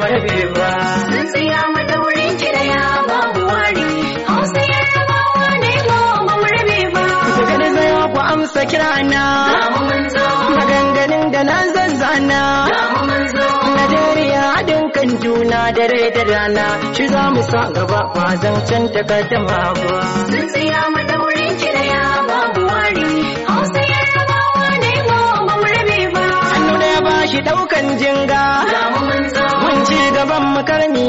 marbe ba. Sun ya babu wari, hausa ya ba Ku amsa kirana. ganganin da na zazzana. juna da rana, shi za mu sa gaba ba zan can ba. Sun tsaya madaurin kiraya babu wari, hausa ne ba ba marbe ba. Hannu ɗaya ba shi ɗaukan jinga. ci gaban makarni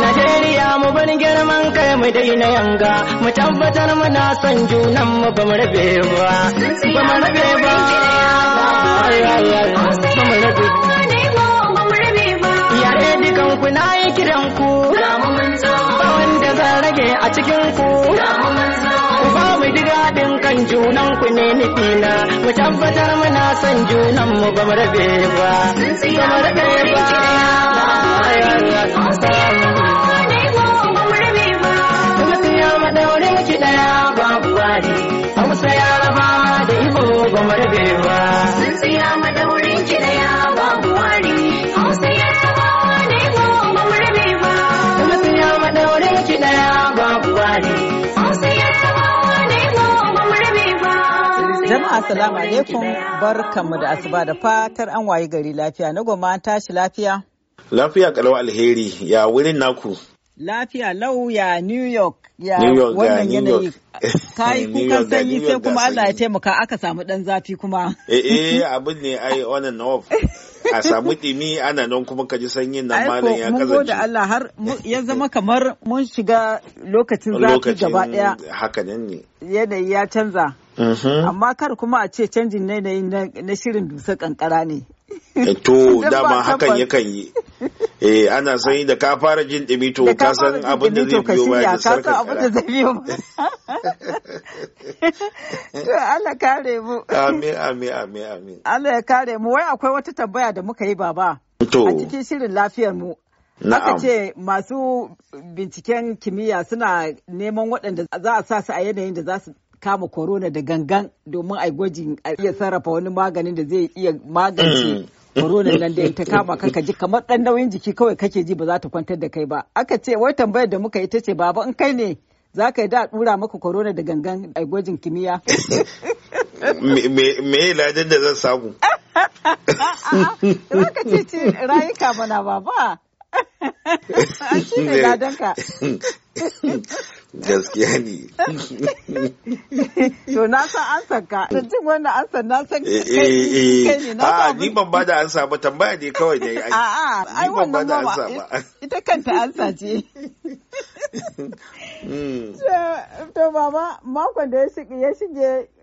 Najeriya mu bar girman kai mu daina yanga mu tabbatar muna son junan mu ba mu rabe ba ba mu rabe ba sunan ku ne nufi na mu tabbatar muna son junan mu ba mu rabe ba ba mu rabe ba Hausa ya raba da Ibo ba mu rabe ba. Sun tsaya madaurin ki da ba Jama'a salamu alaikum bar kamu da asuba da fatar an wayi gari lafiya na goma an tashi lafiya. Lafiya Kalawa alheri ya wurin naku. Lafiya lau ya New York ya wannan yanayi Ka yi kukan sanyi sai kuma Allah ya taimaka aka samu dan zafi kuma. Eh eh abin ne ai on and off. a samu dimi ana nan kuma ka ji sanyin nan malam ya Aiko Mun da Allah har ya zama kamar mun shiga lokacin zafi gaba daya. Haka ne. Yanayi ya canza. Amma kar kuma a ce canjin yanayi na shirin dusar kankara ne. Eh, to dama hakan yakan yi. Eh ana sanyi da ka fara jin ɗumi to ka san abin da zai biyo baya da sarkar Ka san abin da zai biyo To Allah kare mu. Amin amin amin amin. Allah ya kare mu wai akwai wata tambaya da muka yi baba. To. A cikin shirin lafiyar mu Aka ce masu binciken kimiyya suna neman waɗanda za a sa su a yanayin da za su kama corona da gangan domin a gwajin a iya sarrafa wani maganin da zai iya magance mm. corona nan da ta kama ka ji kamar dan nauyin jiki kawai kake ji ba za ta kwantar da kai ba aka ce wai tambayar da muka yi ta ce baba in kai ne za ka yi da dura maka corona da gangan a gwajin kimiyya me Me, ladan da zan samu za ka ce rayuka mana baba shi ne ladanka gaskiya ne to na san an ka to jin wannan an san na san eh, ka eh, eh. ne na ni ban ba da ansa ba tambaya ne kawai da ai a a ai wannan ba ita kanta ansa ce hmm. to baba makon da ya shige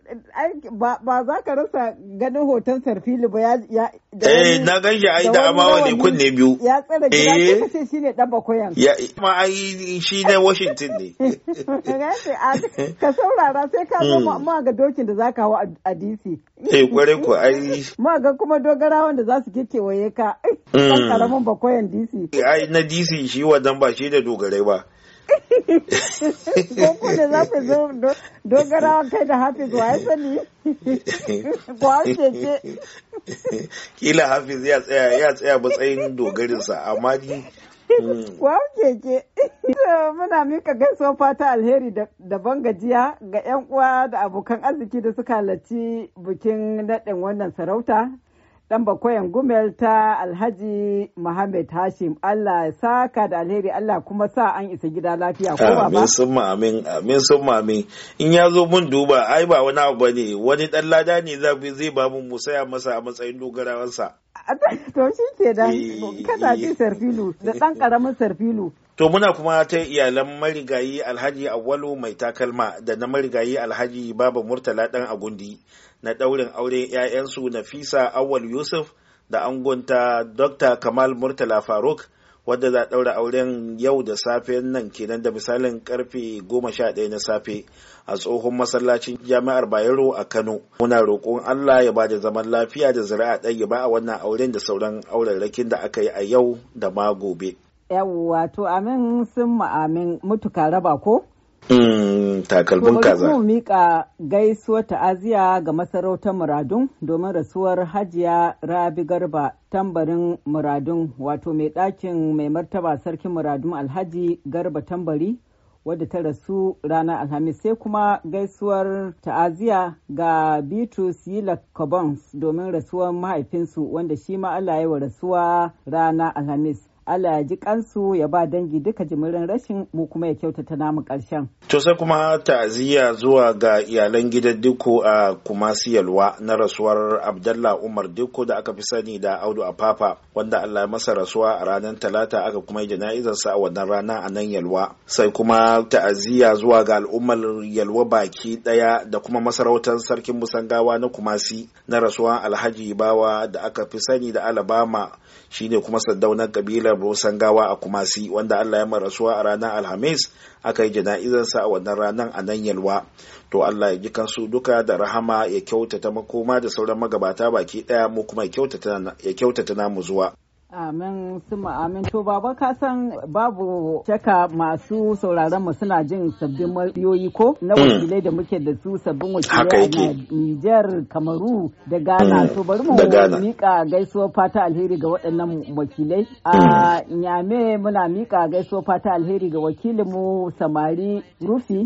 ba za ka rasa ganin hoton sarfili ba ya eh na ganshi ai da amawa ne kunne biyu ya tsara gida eh. ce shi ne dan bakoyan ya kuma ai shi ne Washington ne ka saurara sai ka zo hmm. ma ga dokin da zaka hawa a DC eh kware ku ai ma ga kuma dogarawan da za su kekewaye ka kan karamin hmm. bakoyan DC ai na DC shi wadan ba shi da dogarai ba Boko ne za ku zo dogarawa kai da Hafiz wa ya sani? Kwace ce. Kila Hafiz ya tsaya ya tsaya matsayin dogarinsa amma ni Wow hmm. keke. Muna mika gaisuwa fata alheri da ban gajiya ga 'yan uwa da abokan arziki da suka halarci bikin naɗin wannan sarauta. dan bakwayan gumel ta alhaji Muhammad Hashim Allah ya saka da alheri Allah kuma sa an isa gida lafiya ko ba amin sun amin amin sun amin in ya zo mun duba ai ba wani abu bane wani dan lada ne zai ba musaya masa a matsayin sa to shi ke da eh. kada ji sarfilu da ɗan karamin sarfilu To muna kuma ta iyalan marigayi Alhaji Awwalu mai takalma da na marigayi Alhaji Baba Murtala ɗan Agundi na ɗaurin auren 'ya'yansu Nafisa Awal Yusuf da angonta Dr. Kamal Murtala Faruk wadda za ɗaura auren yau da safe nan kenan da misalin karfe 11 na safe a tsohon masallacin jami'ar Bayero a Kano. Muna roƙon Allah ya ba da zaman lafiya da ziraa ɗaya ba a wannan auren da sauran aurarrakin da aka yi a yau da ma gobe. Yawwa to amin sun amin mutuka raba ko? Mm, takalmin kaza. Kuma mika gaisuwar ta'aziya ga masarautar muradun domin rasuwar hajiya Rabi Garba tambarin muradun wato mai ɗakin mai martaba sarkin muradun Alhaji Garba tambari wadda ta rasu ranar Alhamis sai kuma gaisuwar ta'aziya ga Bitrus Yila Kobons domin rasuwar mahaifinsu wanda shi ma Allah ya rasuwa ranar Alhamis. Allah ya ji kansu ya ba dangi duka jimirin rashin mu kuma ya kyautata namu karshen. To sai kuma ta'aziyya zuwa ga iyalan gidan Diko a Kumasi Yalwa na rasuwar Abdallah Umar Diko da aka fi sani da Audu Afafa wanda Allah ya masa rasuwa a ranar Talata aka kuma yi sa a wannan rana a nan Yalwa. Sai kuma ta'aziyya zuwa ga al'ummar Yalwa baki daya da kuma masarautar sarkin Musangawa na Kumasi na rasuwar Alhaji Bawa da aka fi sani da Alabama shine kuma saddaunar kabilar jami'ar gawa a Kumasi wanda Allah ya marasuwa a ranar Alhamis aka yi jana'izansa a wannan ranar a nan yalwa. To Allah ya ji kansu duka da rahama ya kyautata makoma da sauran magabata baki daya mu kuma ya kyautata namu zuwa. Amin suma amin to baba ka san babu shaka masu sauraron mu suna jin sabbin muryoyi ko na hmm. wakilai da muke da su sabbin wakilai a Niger, Kamaru da Ghana hmm. to bari mu mika gaisuwar fata alheri ga waɗannan wakilai a hmm. Nyame muna mika gaisuwar fata alheri ga wakilinmu samari Rufi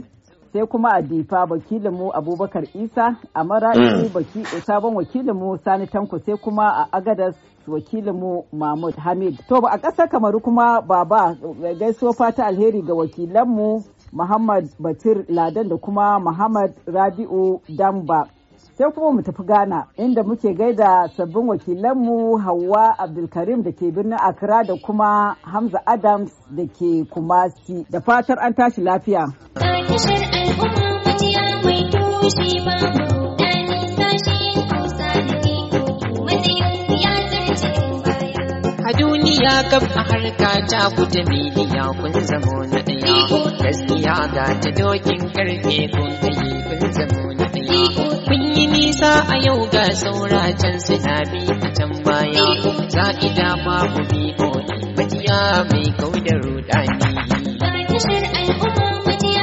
sai kuma a difa wakilinmu abubakar isa a maraɗi mm. eh, sabon wakilinmu sani tanko sai kuma a agadas wakilinmu mahmud hamid to a ƙasar kamaru kuma baba eh, gaisuwa fata alheri ga wakilanmu muhammad batir ladan da kuma muhammad rabi'u damba sai kuma mu tafi ghana inda muke gaida sabbin wakilanmu hawa abdulkarim da ke birnin accra da kuma hamza adams da ke kumasi da fatar an tashi lafiya. tashar al'umma majiya mai tushe ba rudani ya baya. A duniya gab a harka ta kuta miliya kun zamo na ɗaya. Gaskiya ga ta dokin karfe kun kai kun zamo na ɗaya. Kun yi nisa a yau ga saura can na bi a can baya. Za'ida babu bi majiya mai kau da rudani. al'umma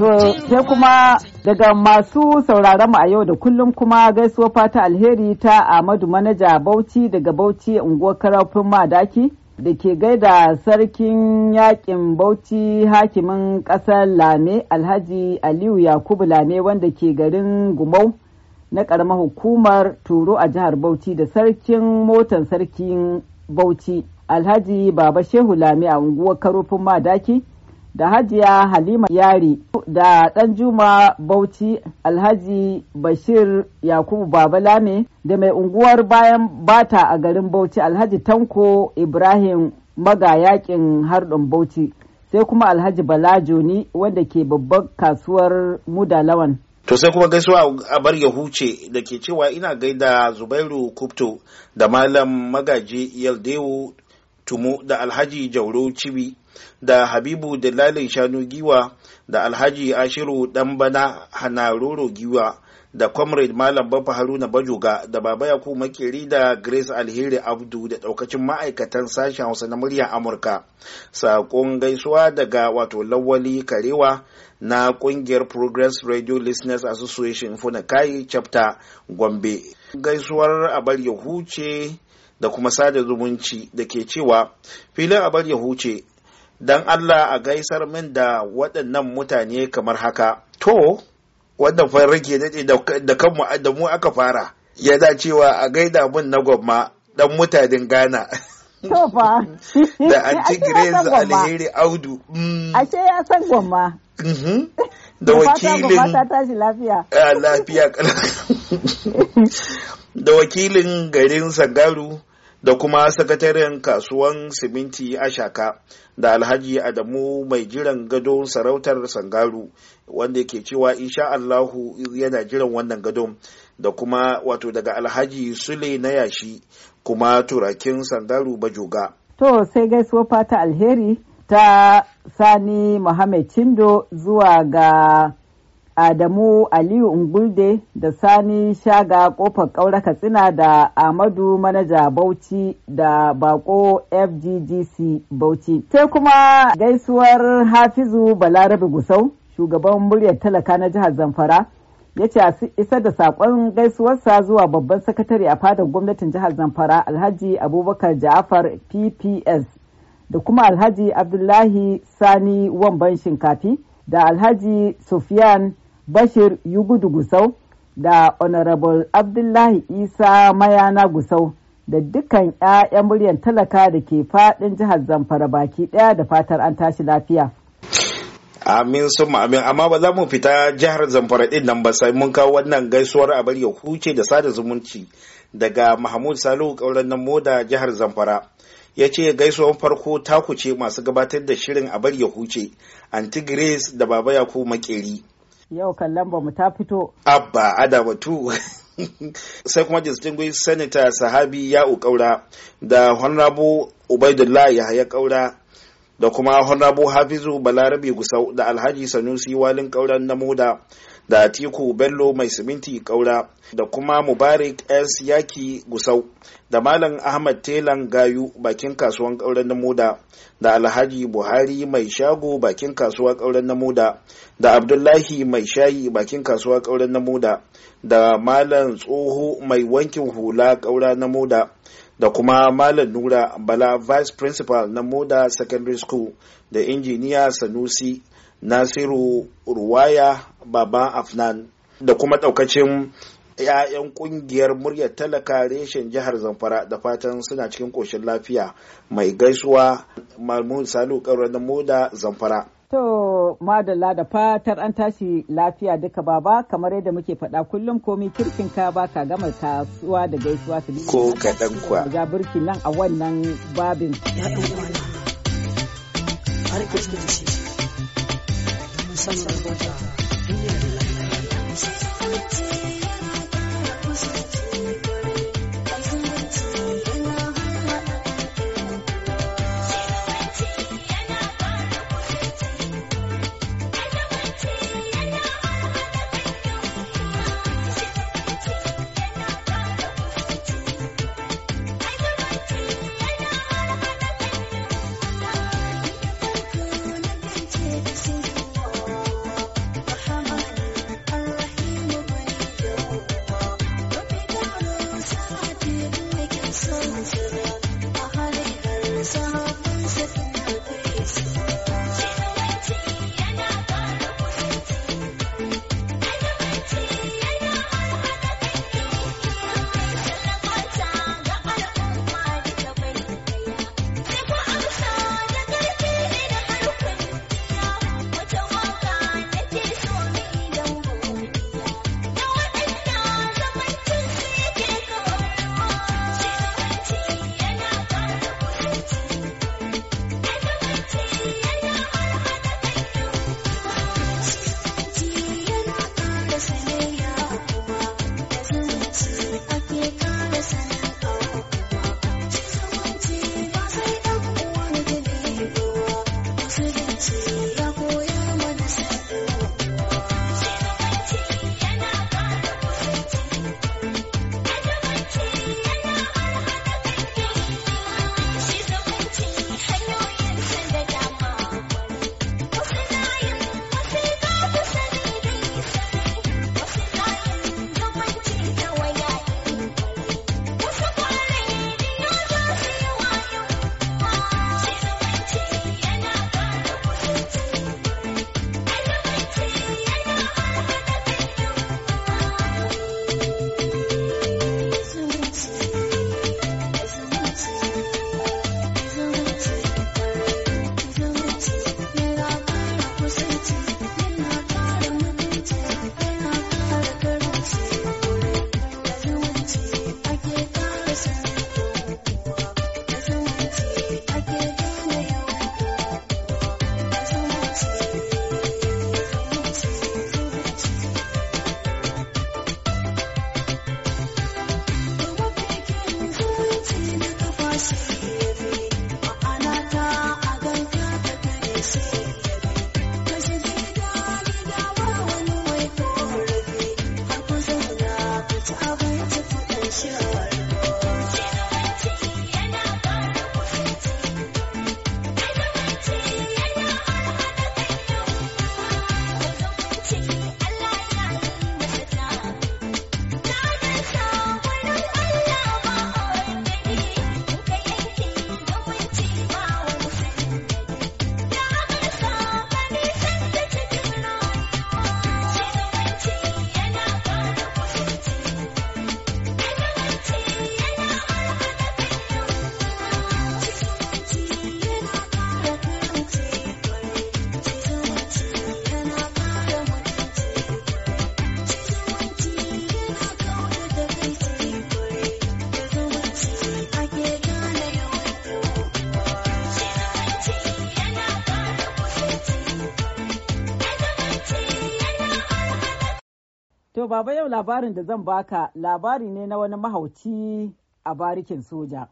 To sai kuma daga masu sauraron mu a yau da kullum kuma gaisuwa fata alheri ta Ahmadu Manaja Bauchi daga Bauchi unguwar Karafin Madaki da ke gaida sarkin yakin Bauchi hakimin ƙasar Lame Alhaji Aliyu Yakubu Lame wanda ke garin Gumau na ƙaramar hukumar Turo a jihar Bauchi da sarkin motan sarkin Bauchi Alhaji Baba Shehu Lame a unguwar Karofin Madaki. da hajiya halima yari da ɗan juma bauchi alhaji bashir yakubu babalame da mai unguwar bayan bata a garin bauchi alhaji tanko ibrahim maga yakin harɗin bauchi sai kuma alhaji bala joni wanda ke babbar kasuwar muda lawan To sai kuma gaisuwa a bar ya huce da ke cewa ina gaida Zubairu Kupto da Malam Magaji Yaldewu Tumu da Alhaji Jauro Cibi da habibu dalalin shanu giwa da alhaji ashiru ɗanbana hanaroro giwa da comrade malam bafa haruna bajoga da baba yakubu makeri da grace alheri abdu da daukacin ma'aikatan sashen hausa na muryar amurka Saƙon gaisuwa daga wato lawali karewa na ƙungiyar progress radio listeners association funakai chapter gombe gaisuwar abar ya huce da kuma sada zumunci da ke cewa filin abar ya huce don Allah a gaisar min da waɗannan mutane kamar haka. To, wannan ke daɗe da kanmu da mu aka fara, ya da cewa a gaida mun na gwamma ɗan mutanen Ghana. Tofa. Da Anti Grace Alheri Audu. Mm. A ce ya san gwamma. Mm-hmm. Da wakilin. Lafiya. Ah, lafiya. Da wakilin garin Sagaru. da kuma sakataren kasuwan siminti ashaka da alhaji adamu mai jiran gado sarautar sangaru wanda ke cewa insha allahu yana jiran wannan gadon da kuma wato daga alhaji sule na yashi kuma turakin sangaru bajoga to sai gaisuwa fata alheri ta sani muhammad cindo zuwa ga Adamu Aliyu Ungulde da Sani Shaga kofar ƙaura Katsina da Ahmadu Manaja Bauchi da Bako FGGC Bauchi. Sai kuma gaisuwar Hafizu Balarabe Gusau, shugaban muryar talaka na jihar Zamfara, ya ce isa da saƙon gaisuwarsa zuwa babban sakatare a fadar gwamnatin jihar Zamfara Alhaji Abubakar Ja'afar PPS da kuma Alhaji Abdullahi Sani Wamban Shinkafi da Alhaji Sufyan bashir yugudu gusau da honorable abdullahi isa mayana gusau da dukkan 'ya'yan muryar talaka da ke faɗin jihar zamfara baki ɗaya da fatar an tashi lafiya amin sun amin amma ba za mu fita jihar zamfara ɗin nan ba sai mun kawo wannan gaisuwar a bari ya huce da sada zumunci daga mahmud salihu ƙauren nan moda jihar zamfara ya ce gaisuwan farko taku ce masu gabatar da shirin a bari ya huce anti grace da baba yakubu makeri Yau kallon bamu ta fito. Abba Adamatu. sai kuma distinguished senator sahabi ya'u kaura da honorable ubaidullah yahaya kaura da kuma honorable hafizu balarabe gusau da alhaji sanusi walin kauran na moda da Atiku Bello mai siminti Kaura da kuma Mubarak S Yaki Gusau da Malam Ahmad Telan Gayu bakin kasuwan kauren na Moda da Alhaji Buhari mai shago bakin kasuwa kauren na Moda da Abdullahi mai shayi bakin kasuwa kauren na Moda da Malam Tsoho mai wankin hula kaura na Moda da kuma Malam Nura Bala Vice Principal na Moda Secondary School da Injiniya Sanusi nasiru ruwaya baba afnan da kuma ɗaukacin 'ya'yan ƙungiyar muryar talaka reshen jihar zamfara da fatan suna cikin ƙoshin lafiya mai gaisuwa mahmud salu na moda zamfara to madalla da fatar an tashi lafiya duka baba kamar yadda muke faɗa kullum komi kirkin ka ba ka gama kasuwa da gaisuwa su ko kaɗan kuwa ga birki nan a wannan babin har shi sama da duniya da lafiya sure. baba yau labarin da zan baka labari ne na wani mahauci a barikin soja.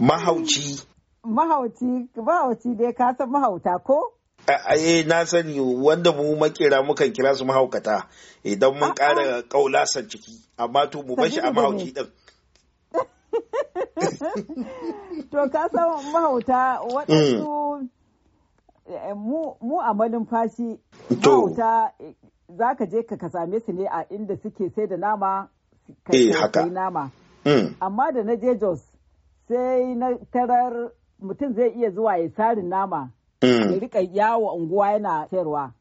Mahauci. Mahauci, mahauci dai ka san mahauta ko? Aye eh, na sani wanda mu makera mukan kira su mahaukata idan mun ƙara ƙaulasan ciki, amma to mu bashi a mahauci ɗin. To ka san mahauta waɗansu mm. eh, mu a malin fashi Mahauta za ka je ka same su ne a inda suke sai da nama ka eh, kai nama. Mm. Amma da na je Jos sai na tarar mutum zai iya zuwa ya sarin nama. Ya mm. rika yawo unguwa yana sayarwa.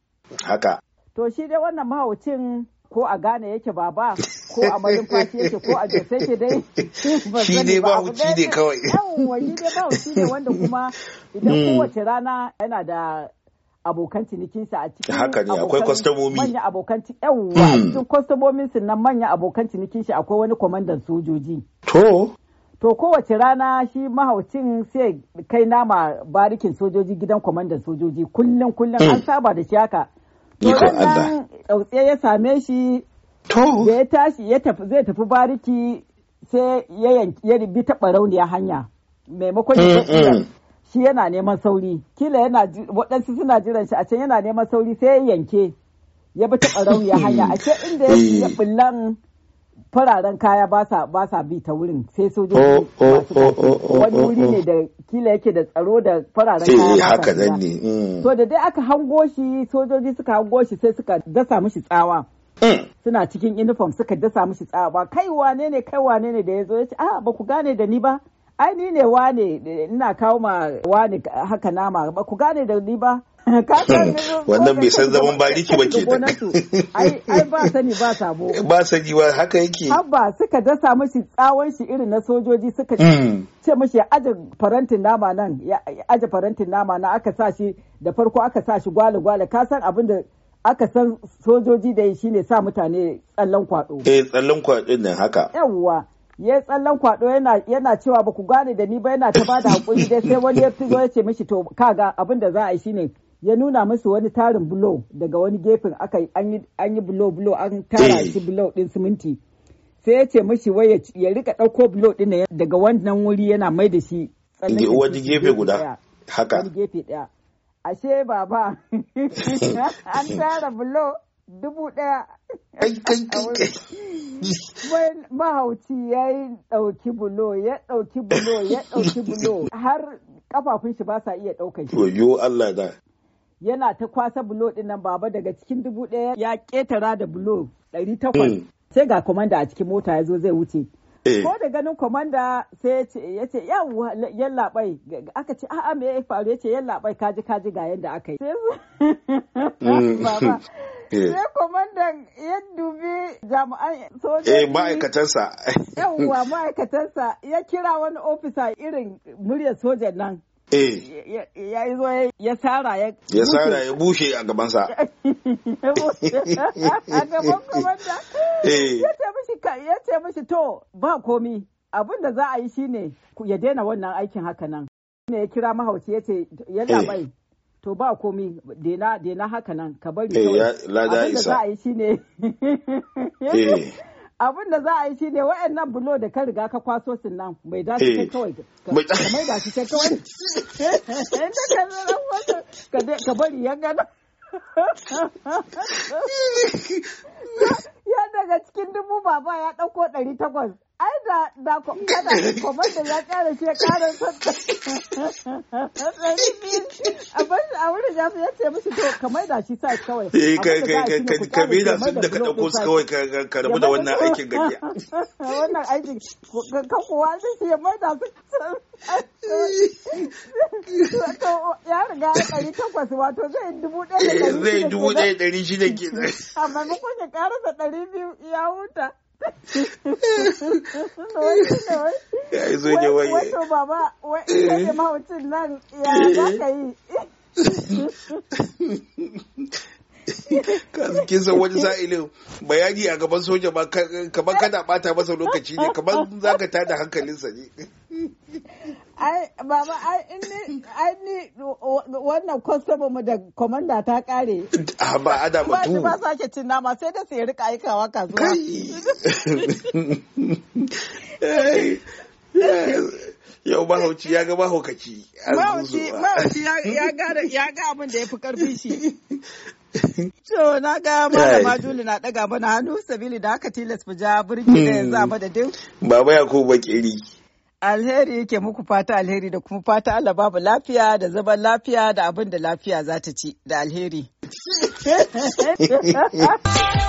Haka. To shi dai wannan mahaucin ko a Ghana yake baba ko a malumfashi yake ko a Jos yake dai. Shi ne mahauci ne kawai. Yawon wani ne mahauci ne wanda kuma idan mm. kowace rana yana da abokan cinikinsa a cikin haka ne akwai kwastomomi manyan abokan yawwa hmm. cikin kwastomomin su nan manyan abokan cinikin shi akwai wani kwamandan sojoji to to kowace rana shi mahaucin sai kai nama barikin sojoji gidan kwamandan sojoji kullum kullum hmm. an saba da shi haka to nan tsautse ya same shi to da ya tashi ya tafi zai tafi bariki sai ya bi ta barauniya hanya maimakon ya hmm, shi yana neman sauri kila yana waɗansu suna jiran shi a can yana neman sauri sai ya yanke ya bi ɓarau ya hanya a ce inda ya bullan eh. fararen kaya ba sa bi ta wurin sai sojoji oh, oh, oh, wani wuri ne da kila yake da tsaro da fararen kaya haka zan ne mm. to da dai aka hango shi sojoji suka hango shi sai suka dasa mishi tsawa mm. suna cikin uniform suka dasa mishi tsawa kai wane ne kai wane ne da ya zo ya ce a ah, ba ku gane da ni ba ai ni ne wane ina kawo ma wane haka nama ba ku gane da ni ba wannan bai san zaman bariki ba ke ai ba sani ba sabo ba sani ba haka yake abba suka dasa mashi tsawon shi irin na sojoji suka ce mm. mashi aje farantin nama nan aje farantin nama na aka sa shi da farko aka sa shi gwale gwale ka san abin da aka san sojoji da shi ne sa mutane tsallan kwado eh tsallan kwado din haka yawwa ya tsallan kwaɗo yana cewa ba ku gane da ni ba yana ta bada hakuri dai sai wani ya fito ya ce mishi to kaga abin da za a yi shine ya nuna musu wani tarin bulo daga wani gefen aka an yi bulo bulo an tara eh. shi bulo din siminti sai ya ce mishi wai ya rika ɗauko bulo din daga wannan wuri yana mai da shi wani gefe guda haka wani gefe daya ashe baba an tara bulo dubu ɗaya. Kai Mahauci ya yi ɗauki bulo, ya ɗauki bulo, ya ɗauki bulo, har kafafun shi ba sa iya ɗaukar shi. Yo Allah da. Yana ta kwasa bulo ɗin nan baba daga cikin dubu ɗaya ya ƙetara da bulo ɗari takwas. Mm. Sai ga komanda a cikin mota ya zo zai wuce. Eh. Ko da ganin komanda sai ya ce yan labai aka ce a'a me ya faru ya ce yan labai kaji kaji ga yadda aka yi. Eh. sai komandan ya dubi jami'an sojoji eh ma'aikatansa yawwa ma'aikatansa ya kira wani ofisa irin muryar sojan nan eh. ya yi zo ya tsara ya ya tsara ya bushe a gabansa a gaban komanda eh. ya ce mishi to ba komi abin da za a yi shine ya daina wannan aikin haka nan ne ya kira Mahaushi ya ce yana mai to ba komi dena dena haka nan ka bari eh, kawai da za a yi shine eh. abin da za a yi shine nan bulo da ka riga ka kwaso sun nan bai da shi eh. kai kawai mai da shi kai kawai ka bari ya gana ya daga cikin dubu baba ya ɗauko ɗari takwas ai da da kwamanda ya kara ce kara ɗari biyu a bashi a wurin ya ya ce musu to kamar da shi sa kawai eh kai kai kai ka bi da sun da ka dauko su kawai ka rabu da wannan aikin gajiya wannan aikin ka kuwa sai sai mai da su ya riga ya ɗari takwas wato zai dubu ɗaya da ɗari eh, shida ke zai. a maimakon ya karasa ɗari biyu ya huta ya zo ne waye wato baba wai ne mahaucin nan ya za ka yi kin san wani sa'ilin bayani a gaban soja ba kamar kana bata masa lokaci ne kamar za ka tada hankalinsa ne ai baba ai in ni wannan kwastoma mu da komanda ta kare ah, ba ada mutu ba sake cin nama sai da sai rika aikawa ka zuwa yau mahauci ya ga mahaukaci mahauci ya ga abin da ya fi karfi shi To na ga malama Juli na daga mana hannu sabili da aka tilas fi ja birki da yanzu a hmm. madadin. Baba ko Bakiri. Alheri ke muku fata alheri da kuma fata Allah babu lafiya da zaman lafiya da abin da lafiya za ta ci da alheri.